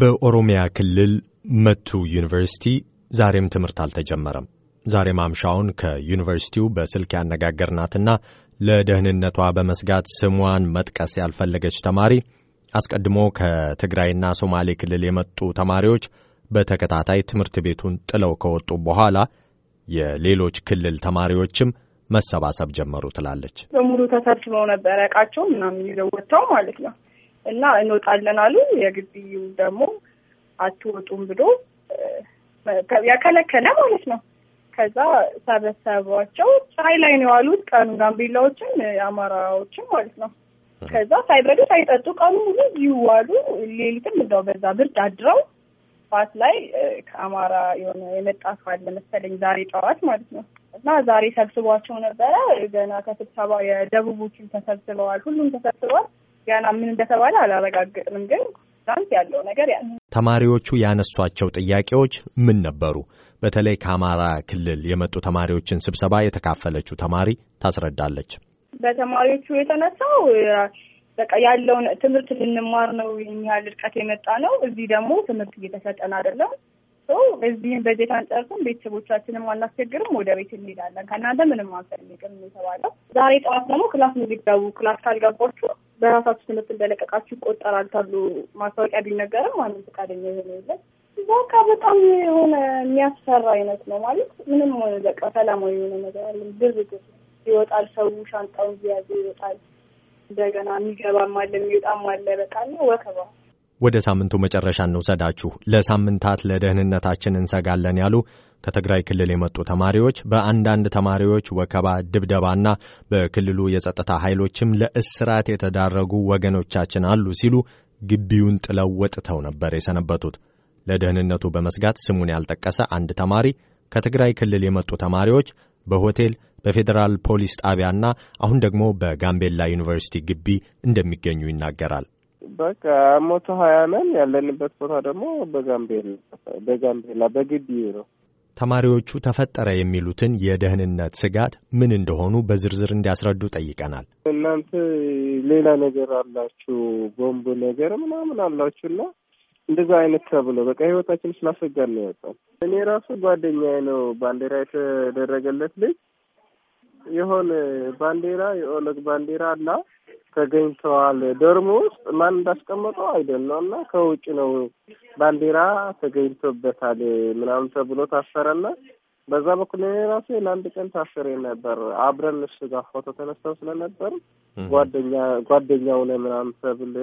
በኦሮሚያ ክልል መቱ ዩኒቨርሲቲ ዛሬም ትምህርት አልተጀመረም። ዛሬ ማምሻውን ከዩኒቨርሲቲው በስልክ ያነጋገርናትና ለደህንነቷ በመስጋት ስሟን መጥቀስ ያልፈለገች ተማሪ አስቀድሞ ከትግራይና ሶማሌ ክልል የመጡ ተማሪዎች በተከታታይ ትምህርት ቤቱን ጥለው ከወጡ በኋላ የሌሎች ክልል ተማሪዎችም መሰባሰብ ጀመሩ ትላለች። በሙሉ ተሰብስበው ነበረ እቃቸው ምናምን ይዘው ወጥተው ማለት ነው። እና እንወጣለን አሉ። የግቢው ደግሞ አትወጡም ብሎ ያከለከለ ማለት ነው። ከዛ ሰበሰቧቸው። ፀሐይ ላይ ነው ያሉት ቀኑ ጋምቤላዎችን፣ አማራዎችን ማለት ነው። ከዛ ሳይበሉ ሳይጠጡ ቀኑ ሙሉ ይዋሉ፣ ሌሊትም እዛው በዛ ብርድ አድረው ጠዋት ላይ ከአማራ የሆነ የመጣ ካለ መሰለኝ ዛሬ ጠዋት ማለት ነው እና ዛሬ ሰብስቧቸው ነበረ። ገና ከስብሰባ የደቡቦችን ተሰብስበዋል፣ ሁሉም ተሰብስበዋል። ገና ምን እንደተባለ አላረጋግጥም፣ ግን ትናንት ያለው ነገር ያለ ተማሪዎቹ ያነሷቸው ጥያቄዎች ምን ነበሩ? በተለይ ከአማራ ክልል የመጡ ተማሪዎችን ስብሰባ የተካፈለችው ተማሪ ታስረዳለች። በተማሪዎቹ የተነሳው በቃ ያለውን ትምህርት ልንማር ነው ያህል እርቀት የመጣ ነው። እዚህ ደግሞ ትምህርት እየተሰጠን አይደለም። እዚህም በጀት አንጨርስም፣ ቤተሰቦቻችንም አናስቸግርም፣ ወደ ቤት እንሄዳለን፣ ከእናንተ ምንም አንፈልግም የተባለው ዛሬ ጠዋት ደግሞ ክላስ እንዲገቡ ክላስ ካልገባችሁ በራሳችሁ ትምህርት እንደለቀቃችሁ ይቆጠራል ተብሎ ማስታወቂያ ቢነገርም ማንም ፈቃደኛ የሆነ የለም። በቃ በጣም የሆነ የሚያስፈራ አይነት ነው ማለት ምንም ሆነ በቃ ሰላማዊ የሆነ ነገር አለ። ብር ይወጣል፣ ሰው ሻንጣውን እየያዘ ይወጣል። እንደገና የሚገባም አለ የሚወጣም አለ። በቃ ወከባ ወደ ሳምንቱ መጨረሻ እንውሰዳችሁ። ለሳምንታት ለደህንነታችን እንሰጋለን ያሉ ከትግራይ ክልል የመጡ ተማሪዎች በአንዳንድ ተማሪዎች ወከባ፣ ድብደባና በክልሉ የጸጥታ ኃይሎችም ለእስራት የተዳረጉ ወገኖቻችን አሉ ሲሉ ግቢውን ጥለው ወጥተው ነበር የሰነበቱት። ለደህንነቱ በመስጋት ስሙን ያልጠቀሰ አንድ ተማሪ ከትግራይ ክልል የመጡ ተማሪዎች በሆቴል በፌዴራል ፖሊስ ጣቢያና አሁን ደግሞ በጋምቤላ ዩኒቨርሲቲ ግቢ እንደሚገኙ ይናገራል። በቃ መቶ ሀያ ነን። ያለንበት ቦታ ደግሞ በጋምቤላ በጋምቤላ በግቢ ነው። ተማሪዎቹ ተፈጠረ የሚሉትን የደህንነት ስጋት ምን እንደሆኑ በዝርዝር እንዲያስረዱ ጠይቀናል። እናንተ ሌላ ነገር አላችሁ፣ ቦምብ ነገር ምናምን አላችሁና እንደዛ አይነት ተብሎ በቃ ህይወታችን ስላስፈጋድ ነው ያወጣል። እኔ ራሱ ጓደኛዬ ነው ባንዲራ የተደረገለት ልጅ የሆነ ባንዲራ የኦነግ ባንዲራ እና ተገኝተዋል። ደርሞ ውስጥ ማን እንዳስቀመጠው አይደለው እና ከውጭ ነው ባንዲራ ተገኝቶበታል ምናምን ተብሎ ታሰረና በዛ በኩል እኔ ራሴ ለአንድ ቀን ታስሬ ነበር። አብረን እሱ ጋር ፎቶ ተነስተው ስለነበር ጓደኛ ጓደኛው ነህ ምናምን ተብል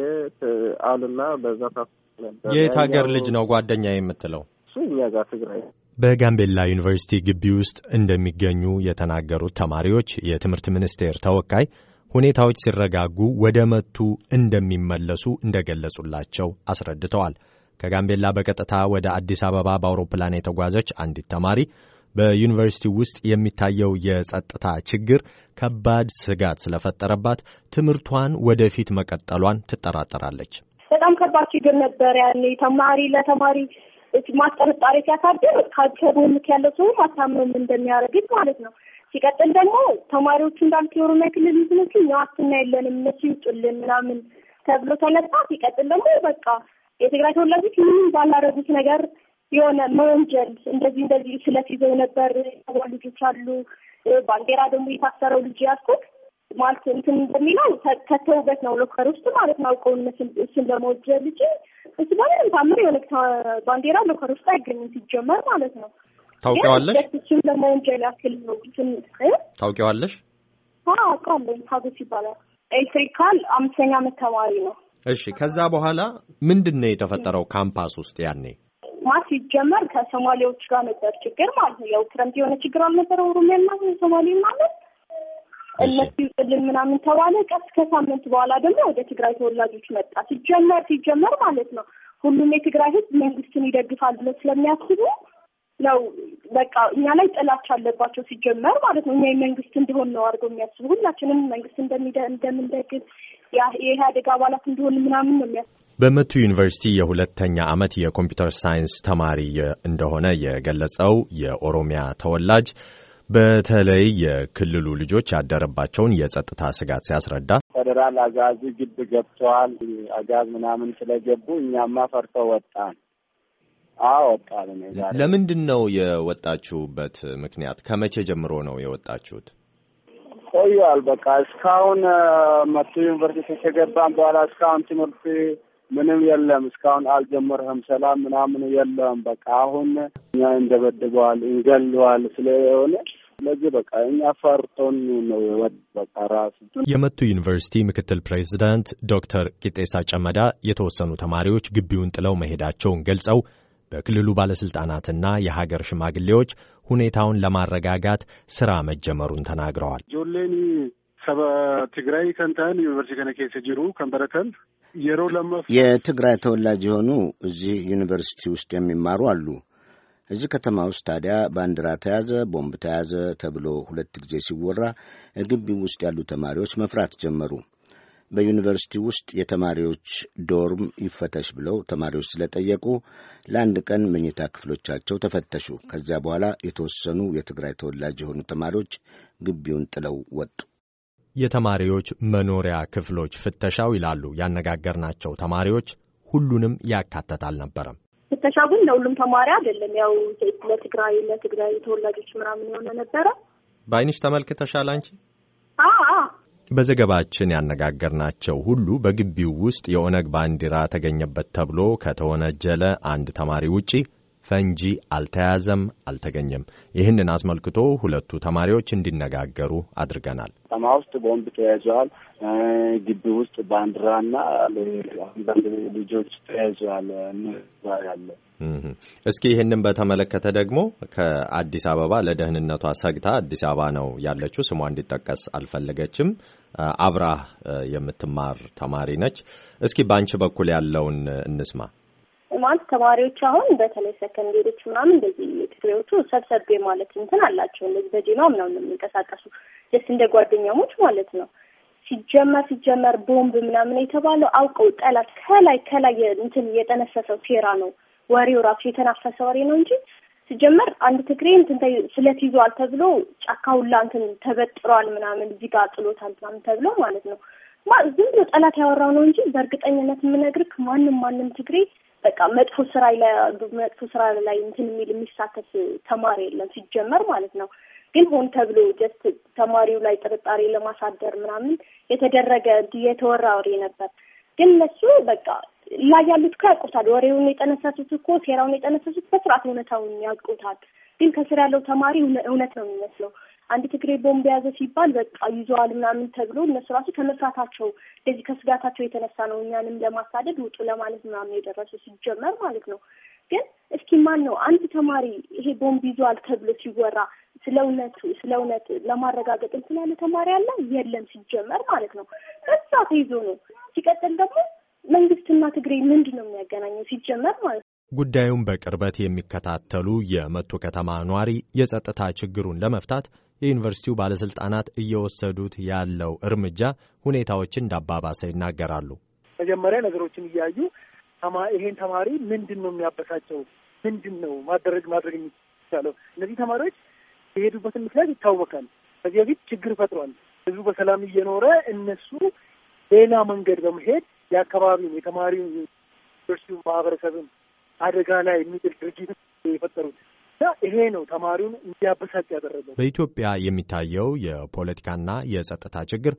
አሉና በዛ ታስሬ ነበር። የየት ሀገር ልጅ ነው ጓደኛ የምትለው? እሱ እኛ ጋር ትግራይ በጋምቤላ ዩኒቨርሲቲ ግቢ ውስጥ እንደሚገኙ የተናገሩት ተማሪዎች የትምህርት ሚኒስቴር ተወካይ ሁኔታዎች ሲረጋጉ ወደ መቱ እንደሚመለሱ እንደገለጹላቸው አስረድተዋል። ከጋምቤላ በቀጥታ ወደ አዲስ አበባ በአውሮፕላን የተጓዘች አንዲት ተማሪ በዩኒቨርሲቲ ውስጥ የሚታየው የጸጥታ ችግር ከባድ ስጋት ስለፈጠረባት ትምህርቷን ወደፊት መቀጠሏን ትጠራጠራለች። በጣም ከባድ ችግር ነበር። ያኔ ተማሪ ለተማሪ ማስጠርጣሪ ሲያሳድር ከቦምክ ያለ ሰው ማታመም እንደሚያደርግት ማለት ነው ሲቀጥል ደግሞ ተማሪዎቹ እንዳሉት የኦሮሚያ ክልል እኛ ዋስትና የለንም እነሱ ይውጡልን ምናምን ተብሎ ተነሳ። ሲቀጥል ደግሞ በቃ የትግራይ ተወላጆች ምንም ባላረጉት ነገር የሆነ መወንጀል እንደዚህ እንደዚህ ስለት ይዘው ነበር ልጆች አሉ። ባንዴራ ደግሞ የታሰረው ልጅ ያስኩት ማለት እንትን እንደሚለው ከተውበት ነው ሎከር ውስጥ ማለት ነው አውቀው እሱን ለመወጀል ልጅ እሱ በምንም ታምር የሆነ ባንዴራ ሎከር ውስጥ አይገኝም ሲጀመር ማለት ነው። ታውቂዋለሽ? እሱም ደግሞ ወንጀል ያክል ነው። ታውቂዋለሽ? አውቃለሁ። ሀጎስ ይባላል። ኤሌክትሪካል አምስተኛ ዓመት ተማሪ ነው። እሺ፣ ከዛ በኋላ ምንድን ነው የተፈጠረው ካምፓስ ውስጥ ያኔ? ማ ሲጀመር ከሶማሌዎች ጋር ነበር ችግር ማለት ነው። ያው ክረምት የሆነ ችግር አልነበረ ኦሮሚያ ኦሮሚያና ሶማሌ ማለት እነሱ ይውጥልን ምናምን ተባለ። ቀስ ከሳምንት በኋላ ደግሞ ወደ ትግራይ ተወላጆች መጣ። ሲጀመር ሲጀመር ማለት ነው ሁሉም የትግራይ ህዝብ መንግስትን ይደግፋል ብሎ ስለሚያስቡ ነው በቃ እኛ ላይ ጥላቻ አለባቸው ሲጀመር ማለት ነው። እኛ የመንግስት እንደሆን ነው አድርገው የሚያስቡ ሁላችንም መንግስት እንደምንደግፍ የኢህአዴግ አባላት እንዲሆን ምናምን ነው የሚያስ በመቱ ዩኒቨርሲቲ የሁለተኛ ዓመት የኮምፒውተር ሳይንስ ተማሪ እንደሆነ የገለጸው የኦሮሚያ ተወላጅ በተለይ የክልሉ ልጆች ያደረባቸውን የጸጥታ ስጋት ሲያስረዳ ፌዴራል አጋዚ ግብ ገብተዋል አጋዝ ምናምን ስለገቡ እኛማ ፈርተው ወጣን አወጣል። ለምንድን ነው የወጣችሁበት ምክንያት? ከመቼ ጀምሮ ነው የወጣችሁት? ቆያል። በቃ እስካሁን መቶ ዩኒቨርሲቲ ከገባን በኋላ እስካሁን ትምህርት ምንም የለም። እስካሁን አልጀመርህም ሰላም ምናምን የለም። በቃ አሁን እኛ እንደበድበዋል እንገልዋል ስለሆነ ስለዚህ በቃ እኛ ፈርቶን ነው የወድ በቃ ራሱ። የመቱ ዩኒቨርሲቲ ምክትል ፕሬዚዳንት ዶክተር ቂጤሳ ጨመዳ የተወሰኑ ተማሪዎች ግቢውን ጥለው መሄዳቸውን ገልጸው በክልሉ ባለሥልጣናትና የሀገር ሽማግሌዎች ሁኔታውን ለማረጋጋት ሥራ መጀመሩን ተናግረዋል። ጆሌኒ ሰበ ትግራይ ከንታን ዩኒቨርሲቲ ከነኬ ጅሩ ከንበረተን የሮ ለመፍ የትግራይ ተወላጅ የሆኑ እዚህ ዩኒቨርሲቲ ውስጥ የሚማሩ አሉ። እዚህ ከተማ ውስጥ ታዲያ ባንዲራ ተያዘ፣ ቦምብ ተያዘ ተብሎ ሁለት ጊዜ ሲወራ ግቢ ውስጥ ያሉ ተማሪዎች መፍራት ጀመሩ። በዩኒቨርሲቲ ውስጥ የተማሪዎች ዶርም ይፈተሽ ብለው ተማሪዎች ስለጠየቁ ለአንድ ቀን መኝታ ክፍሎቻቸው ተፈተሹ። ከዚያ በኋላ የተወሰኑ የትግራይ ተወላጅ የሆኑ ተማሪዎች ግቢውን ጥለው ወጡ። የተማሪዎች መኖሪያ ክፍሎች ፍተሻው ይላሉ ያነጋገርናቸው ተማሪዎች ሁሉንም ያካተተ አልነበረም። ፍተሻው ግን ለሁሉም ተማሪ አይደለም። ያው ለትግራይ ለትግራይ ተወላጆች ምናምን የሆነ ነበረ። በአይንሽ ተመልክተሻል አንቺ? በዘገባችን ያነጋገርናቸው ሁሉ በግቢው ውስጥ የኦነግ ባንዲራ ተገኘበት ተብሎ ከተወነጀለ አንድ ተማሪ ውጪ ፈንጂ አልተያዘም፣ አልተገኘም። ይህንን አስመልክቶ ሁለቱ ተማሪዎች እንዲነጋገሩ አድርገናል። ከተማ ውስጥ ቦምብ ተያይዘዋል፣ ግቢ ውስጥ ባንዲራና አንዳንድ ልጆች ተያይዘዋል ያለ እስኪ ይህንን በተመለከተ ደግሞ ከአዲስ አበባ ለደህንነቷ ሰግታ አዲስ አበባ ነው ያለችው፣ ስሟ እንዲጠቀስ አልፈለገችም። አብራህ የምትማር ተማሪ ነች። እስኪ በአንቺ በኩል ያለውን እንስማ። ማለት ተማሪዎች አሁን በተለይ ሰከንዴሮች ምናምን እንደዚህ ክፍሬዎቹ ሰብሰቤ ማለት እንትን አላቸው እንደዚህ በዜማ ምናምን የሚንቀሳቀሱ ደስ እንደ ጓደኛሞች ማለት ነው። ሲጀመር ሲጀመር ቦምብ ምናምን የተባለው አውቀው ጠላት ከላይ ከላይ እንትን የጠነሰሰው ሴራ ነው ወሬው ራሱ የተናፈሰ ወሬ ነው እንጂ ሲጀመር አንድ ትግሬ እንትን ስለት ይዟል ተብሎ ጫካ ሁላ እንትን ተበጥሯል ምናምን እዚህ ጋር ጥሎታል ምናምን ተብሎ ማለት ነው። ዝም ብሎ ጠላት ያወራው ነው እንጂ በእርግጠኝነት የምነግርህ ማንም ማንም ትግሬ በቃ መጥፎ ስራ መጥፎ ስራ ላይ እንትን የሚል የሚሳተፍ ተማሪ የለም ሲጀመር ማለት ነው። ግን ሆን ተብሎ ጀስት ተማሪው ላይ ጥርጣሬ ለማሳደር ምናምን የተደረገ የተወራ ወሬ ነበር። ግን እነሱ በቃ ላይ ያሉት እኮ ያውቁታል። ወሬውን የጠነሰሱት እኮ ሴራውን የጠነሰሱት በስርዓት እውነታውን ያውቁታል። ግን ከስር ያለው ተማሪ እውነት ነው የሚመስለው። አንድ ትግሬ ቦምብ የያዘ ሲባል በቃ ይዘዋል ምናምን ተብሎ እነሱ ራሱ ከመፍራታቸው እንደዚህ ከስጋታቸው የተነሳ ነው እኛንም ለማሳደድ ውጡ ለማለት ምናምን የደረሱ ሲጀመር ማለት ነው። ግን እስኪ ማን ነው አንድ ተማሪ ይሄ ቦምብ ይዘዋል ተብሎ ሲወራ ስለ እውነቱ ስለ እውነት ለማረጋገጥ እንትን ያለ ተማሪ አለ? የለም ሲጀመር ማለት ነው። በዛ ተይዞ ነው ሲቀጥል ደግሞ እና ትግሬ ምንድን ነው የሚያገናኘው ሲጀመር ማለት ነው። ጉዳዩን በቅርበት የሚከታተሉ የመቱ ከተማ ኗሪ የጸጥታ ችግሩን ለመፍታት የዩኒቨርሲቲው ባለስልጣናት እየወሰዱት ያለው እርምጃ ሁኔታዎችን እንዳባባሰ ይናገራሉ። መጀመሪያ ነገሮችን እያዩ ይሄን ተማሪ ምንድን ነው የሚያበሳቸው? ምንድን ነው ማደረግ ማድረግ የሚቻለው? እነዚህ ተማሪዎች የሄዱበትን ምክንያት ይታወቃል። ከዚህ በፊት ችግር ፈጥሯል። ህዝቡ በሰላም እየኖረ እነሱ ሌላ መንገድ በመሄድ የአካባቢውን የተማሪውን ዩኒቨርሲቲውን ማህበረሰብን አደጋ ላይ የሚጥል ድርጊት የፈጠሩት እና ይሄ ነው ተማሪውን እንዲያበሳጭ ያደረገው። በኢትዮጵያ የሚታየው የፖለቲካና የጸጥታ ችግር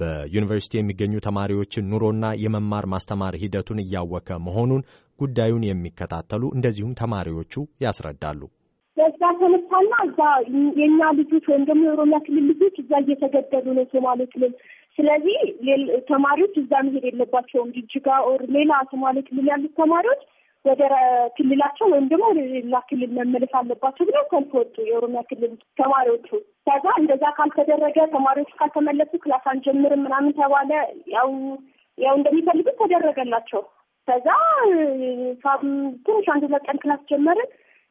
በዩኒቨርሲቲ የሚገኙ ተማሪዎችን ኑሮና የመማር ማስተማር ሂደቱን እያወከ መሆኑን ጉዳዩን የሚከታተሉ እንደዚሁም ተማሪዎቹ ያስረዳሉ። በዛ ተነሳና እዛ የእኛ ልጆች ወይም ደግሞ የኦሮሚያ ክልል ልጆች እዛ እየተገደሉ ነው ሶማሌ ክልል። ስለዚህ ተማሪዎች እዛ መሄድ የለባቸውም። ጅጅጋ ኦር ሌላ ሶማሌ ክልል ያሉት ተማሪዎች ወደ ክልላቸው ወይም ደግሞ ወደ ሌላ ክልል መመለስ አለባቸው ብለው ሰልፍ ወጡ፣ የኦሮሚያ ክልል ተማሪዎቹ። ከዛ እንደዛ ካልተደረገ ተማሪዎቹ ካልተመለሱ ክላስ አንጀምርም ምናምን ተባለ። ያው ያው እንደሚፈልጉት ተደረገላቸው። ከዛ ትንሽ አንድ ሁለት ቀን ክላስ ጀመርን።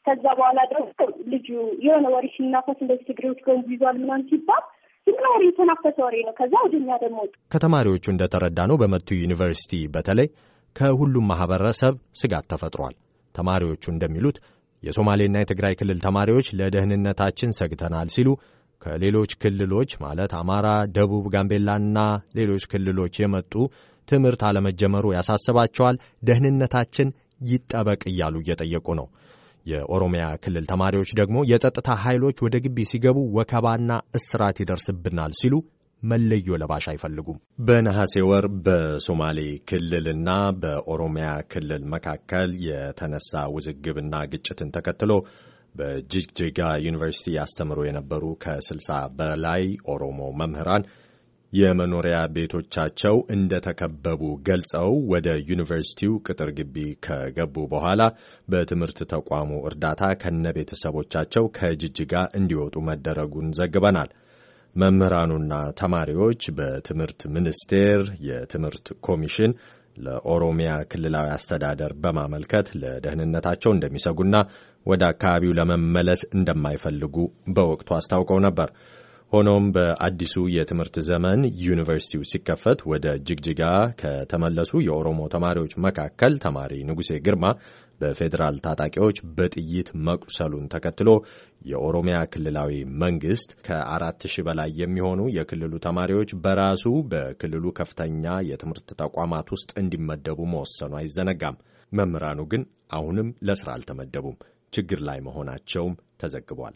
ከዛ በኋላ ደግሞ ልጁ የሆነ ወሬ ሲናፈስ እንደዚህ ትግሬዎች ገንቡ ይዟል ምናምን ሲባል ዝምና ወሬ የተናፈሰ ወሬ ነው። ከዛ ወደኛ ደግሞ ከተማሪዎቹ እንደተረዳ ነው በመቱ ዩኒቨርሲቲ በተለይ ከሁሉም ማህበረሰብ ስጋት ተፈጥሯል። ተማሪዎቹ እንደሚሉት የሶማሌና የትግራይ ክልል ተማሪዎች ለደህንነታችን ሰግተናል ሲሉ ከሌሎች ክልሎች ማለት አማራ፣ ደቡብ፣ ጋምቤላና ሌሎች ክልሎች የመጡ ትምህርት አለመጀመሩ ያሳስባቸዋል፣ ደህንነታችን ይጠበቅ እያሉ እየጠየቁ ነው። የኦሮሚያ ክልል ተማሪዎች ደግሞ የጸጥታ ኃይሎች ወደ ግቢ ሲገቡ ወከባና እስራት ይደርስብናል ሲሉ መለዮ ለባሽ አይፈልጉም። በነሐሴ ወር በሶማሌ ክልልና በኦሮሚያ ክልል መካከል የተነሳ ውዝግብና ግጭትን ተከትሎ በጅግጅጋ ዩኒቨርሲቲ ያስተምሩ የነበሩ ከ60 በላይ ኦሮሞ መምህራን የመኖሪያ ቤቶቻቸው እንደተከበቡ ገልጸው ወደ ዩኒቨርሲቲው ቅጥር ግቢ ከገቡ በኋላ በትምህርት ተቋሙ እርዳታ ከነ ቤተሰቦቻቸው ከጅጅጋ እንዲወጡ መደረጉን ዘግበናል። መምህራኑና ተማሪዎች በትምህርት ሚኒስቴር የትምህርት ኮሚሽን ለኦሮሚያ ክልላዊ አስተዳደር በማመልከት ለደህንነታቸው እንደሚሰጉና ወደ አካባቢው ለመመለስ እንደማይፈልጉ በወቅቱ አስታውቀው ነበር። ሆኖም በአዲሱ የትምህርት ዘመን ዩኒቨርሲቲው ሲከፈት ወደ ጅግጅጋ ከተመለሱ የኦሮሞ ተማሪዎች መካከል ተማሪ ንጉሴ ግርማ በፌዴራል ታጣቂዎች በጥይት መቁሰሉን ተከትሎ የኦሮሚያ ክልላዊ መንግስት ከአራት ሺህ በላይ የሚሆኑ የክልሉ ተማሪዎች በራሱ በክልሉ ከፍተኛ የትምህርት ተቋማት ውስጥ እንዲመደቡ መወሰኑ አይዘነጋም። መምህራኑ ግን አሁንም ለስራ አልተመደቡም። ችግር ላይ መሆናቸውም ተዘግቧል።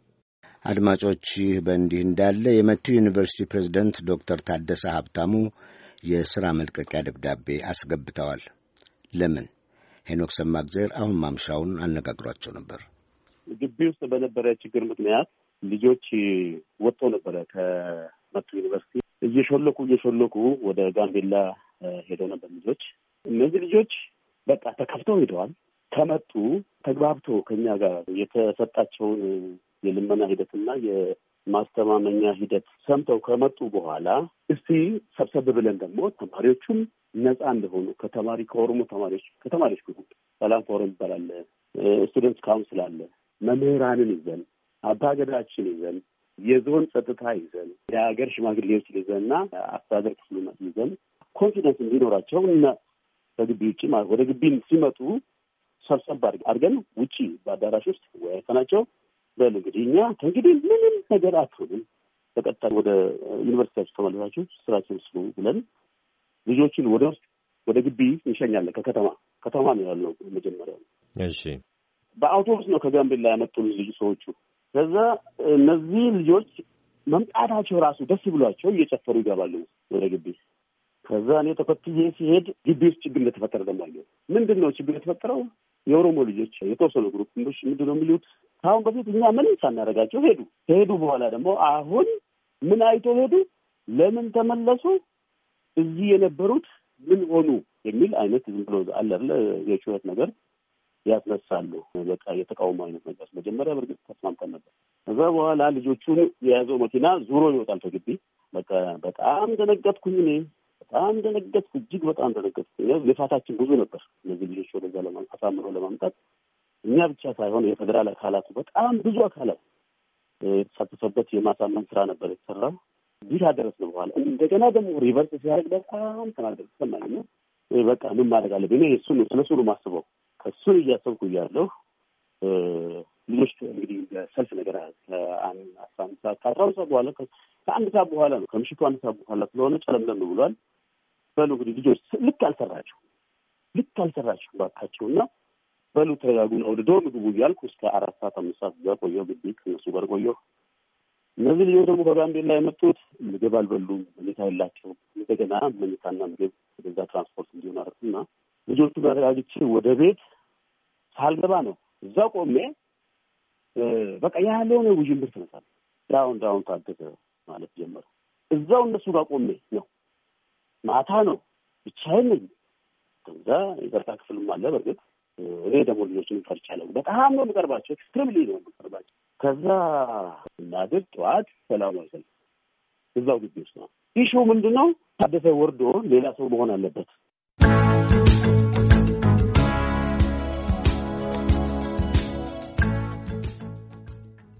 አድማጮች፣ ይህ በእንዲህ እንዳለ የመቱ ዩኒቨርሲቲ ፕሬዝደንት ዶክተር ታደሰ ሀብታሙ የሥራ መልቀቂያ ደብዳቤ አስገብተዋል። ለምን? ሄኖክ ሰማግዜር አሁን ማምሻውን አነጋግሯቸው ነበር። ግቢ ውስጥ በነበረ ችግር ምክንያት ልጆች ወጥተው ነበረ ከመቱ ዩኒቨርሲቲ እየሾለኩ እየሾለኩ ወደ ጋምቤላ ሄደው ነበር ልጆች። እነዚህ ልጆች በቃ ተከፍተው ሄደዋል። ከመጡ ተግባብቶ ከኛ ጋር የተሰጣቸውን የልመና ሂደትና የማስተማመኛ ሂደት ሰምተው ከመጡ በኋላ እስቲ ሰብሰብ ብለን ደግሞ ተማሪዎቹም ነፃ እንደሆኑ ከተማሪ ከኦሮሞ ተማሪዎች ከተማሪዎች ግሩፕ ሰላም ፎረም ይባላለ ስቱደንት ካውንስል አለ፣ መምህራንን ይዘን አባገዳችን ይዘን የዞን ጸጥታ ይዘን የሀገር ሽማግሌዎች ይዘንና አስተዳደር ክፍሉ ይዘን ኮንፊደንስ እንዲኖራቸው እና በግቢ ውጭ ወደ ግቢ ሲመጡ ሰብሰብ አድርገን ውጭ በአዳራሽ ውስጥ ወያይተናቸው በል እንግዲህ እኛ ከእንግዲህ ምንም ነገር አትሆንም፣ በቀጣይ ወደ ዩኒቨርሲቲያችሁ ተመልሳችሁ ስራችን ስሉ ብለን ልጆችን ወደ ውስጥ ወደ ግቢ እንሸኛለን። ከከተማ ከተማ ነው ያለው መጀመሪያ። እሺ በአውቶቡስ ነው ከጋምቤላ ያመጡን ልጅ ሰዎቹ። ከዛ እነዚህ ልጆች መምጣታቸው ራሱ ደስ ብሏቸው እየጨፈሩ ይገባሉ ወደ ግቢ። ከዛ እኔ ተከትዬ ሲሄድ ግቢ ውስጥ ችግር እንደተፈጠረ ደግሞ አየሁ። ምንድን ነው ችግር የተፈጠረው? የኦሮሞ ልጆች የተወሰኑ ግሩፕ ምንድን ነው የሚሉት ከአሁን በፊት እኛ ምንም ሳናደርጋቸው ሄዱ። ከሄዱ በኋላ ደግሞ አሁን ምን አይቶ ሄዱ? ለምን ተመለሱ? እዚህ የነበሩት ምን ሆኑ? የሚል አይነት ዝም ብሎ አለለ የጩኸት ነገር ያስነሳሉ። በቃ የተቃውሞ አይነት ነገር መጀመሪያ በእርግጥ ተስማምተን ነበር። እዛ በኋላ ልጆቹን የያዘው መኪና ዙሮ ይወጣል ከግቢ። በቃ በጣም ደነገጥኩኝ እኔ በጣም ደነገጥኩ። እጅግ በጣም ደነገጥኩ። ልፋታችን ብዙ ነበር እነዚህ ልጆች ወደዛ አሳምሮ ለማምጣት እኛ ብቻ ሳይሆን የፌዴራል አካላቱ በጣም ብዙ አካላት የተሳተፈበት የማሳመን ስራ ነበር የተሰራው። እዚህ አደረስ ነው በኋላ እንደገና ደግሞ ሪቨርስ ሲያደርግ በጣም ተናደር ተሰማኝ። በቃ ምን ማድረግ አለብኝ? እኔ እሱ ነው ስለ እሱ ነው የማስበው። እሱን እያሰብኩ እያለሁ ልጆች እንግዲህ ሰልፍ ነገር አስራ አንድ ሰዓት ከአስራ አንድ ሰዓት በኋላ ከአንድ ሰዓት በኋላ ነው ከምሽቱ አንድ ሰዓት በኋላ ስለሆነ ጨለምለም ብሏል። በሉ እንግዲህ ልጆች ልክ አልሰራችሁ ልክ አልሰራችሁ ባካቸው እና በሉ ተረጋጉን አውድዶ ምግቡ እያልኩ እስከ አራት ሰዓት አምስት ሰዓት ጋር ቆየሁ። ግቢ ከነሱ ጋር ቆየሁ። እነዚህ ልጆች ደግሞ ከጋምቤላ የመጡት ምግብ አልበሉም፣ መኝታ የላቸውም። እንደገና መኝታና ምግብ ወደዛ ትራንስፖርት እንዲሆን እና ልጆቹ ተረጋግቼ ወደ ቤት ሳልገባ ነው እዛ ቆሜ በቃ ያለውን ውዥንብር ትነሳል። ዳውን ዳውን ታደገ ማለት ጀመረ። እዛው እነሱ ጋር ቆሜ ነው ማታ ነው፣ ብቻዬን ነኝ። ከዛ የቀርታ ክፍልም አለ። በእርግጥ እኔ ደግሞ ልጆችን ፈርቻለሁ። በጣም ነው የምቀርባቸው፣ ትርምሊ ነው የምቀርባቸው። ከዛ እናድር ጠዋት ሰላማዊ ሰልፍ እዛው ግቢ ውስጥ ነው። ኢሹ ምንድን ነው? ታደሰ ወርዶ ሌላ ሰው መሆን አለበት